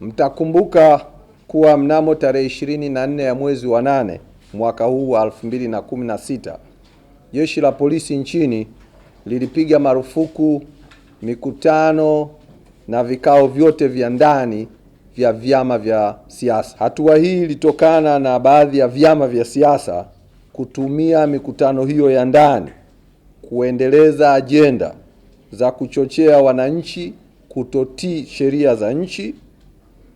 Mtakumbuka kuwa mnamo tarehe nne ya mwezi wa 8 mwaka huu wa sita jeshi la polisi nchini lilipiga marufuku mikutano na vikao vyote vya ndani vya vyama vya siasa. Hatua hii ilitokana na baadhi ya vyama vya siasa kutumia mikutano hiyo ya ndani kuendeleza ajenda za kuchochea wananchi kutotii sheria za nchi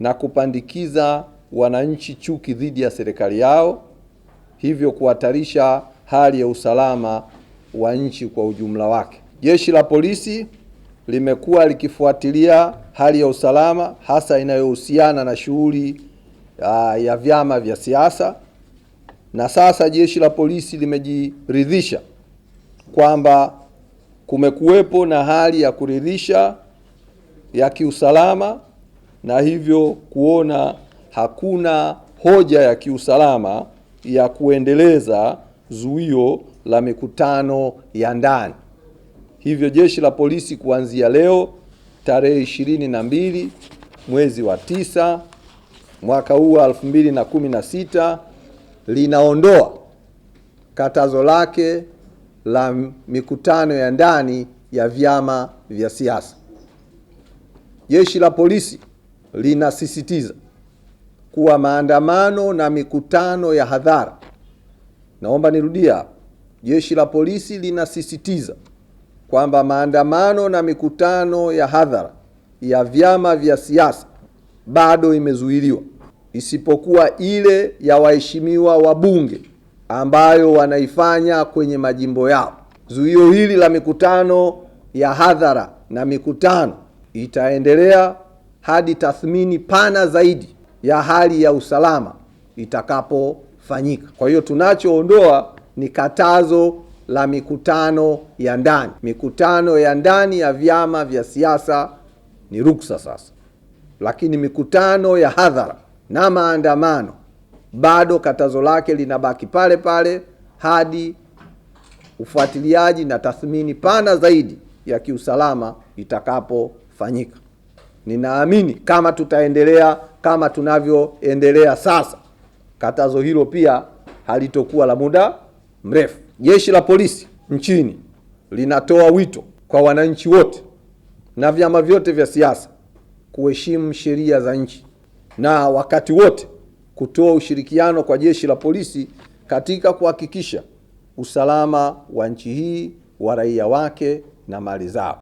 na kupandikiza wananchi chuki dhidi ya serikali yao, hivyo kuhatarisha hali ya usalama wa nchi kwa ujumla wake. Jeshi la polisi limekuwa likifuatilia hali ya usalama hasa inayohusiana na shughuli ah, ya vyama vya siasa, na sasa jeshi la polisi limejiridhisha kwamba kumekuwepo na hali ya kuridhisha ya kiusalama na hivyo kuona hakuna hoja ya kiusalama ya kuendeleza zuio la mikutano ya ndani. Hivyo jeshi la polisi kuanzia leo tarehe ishirini na mbili mwezi wa tisa mwaka huu wa elfu mbili na kumi na sita linaondoa katazo lake la mikutano ya ndani ya vyama vya siasa. Jeshi la polisi linasisitiza kuwa maandamano na mikutano ya hadhara, naomba nirudia jeshi la polisi linasisitiza kwamba maandamano na mikutano ya hadhara ya vyama vya siasa bado imezuiliwa isipokuwa ile ya waheshimiwa wabunge ambayo wanaifanya kwenye majimbo yao. Zuio hili la mikutano ya hadhara na mikutano itaendelea hadi tathmini pana zaidi ya hali ya usalama itakapofanyika. Kwa hiyo tunachoondoa ni katazo la mikutano ya ndani. Mikutano ya ndani ya vyama vya siasa ni ruksa sasa, lakini mikutano ya hadhara na maandamano bado katazo lake linabaki pale pale hadi ufuatiliaji na tathmini pana zaidi ya kiusalama itakapofanyika. Ninaamini kama tutaendelea kama tunavyoendelea sasa, katazo hilo pia halitokuwa la muda mrefu. Jeshi la polisi nchini linatoa wito kwa wananchi wote na vyama vyote vya siasa kuheshimu sheria za nchi na wakati wote kutoa ushirikiano kwa jeshi la polisi katika kuhakikisha usalama wa nchi hii, wa raia wake na mali zao.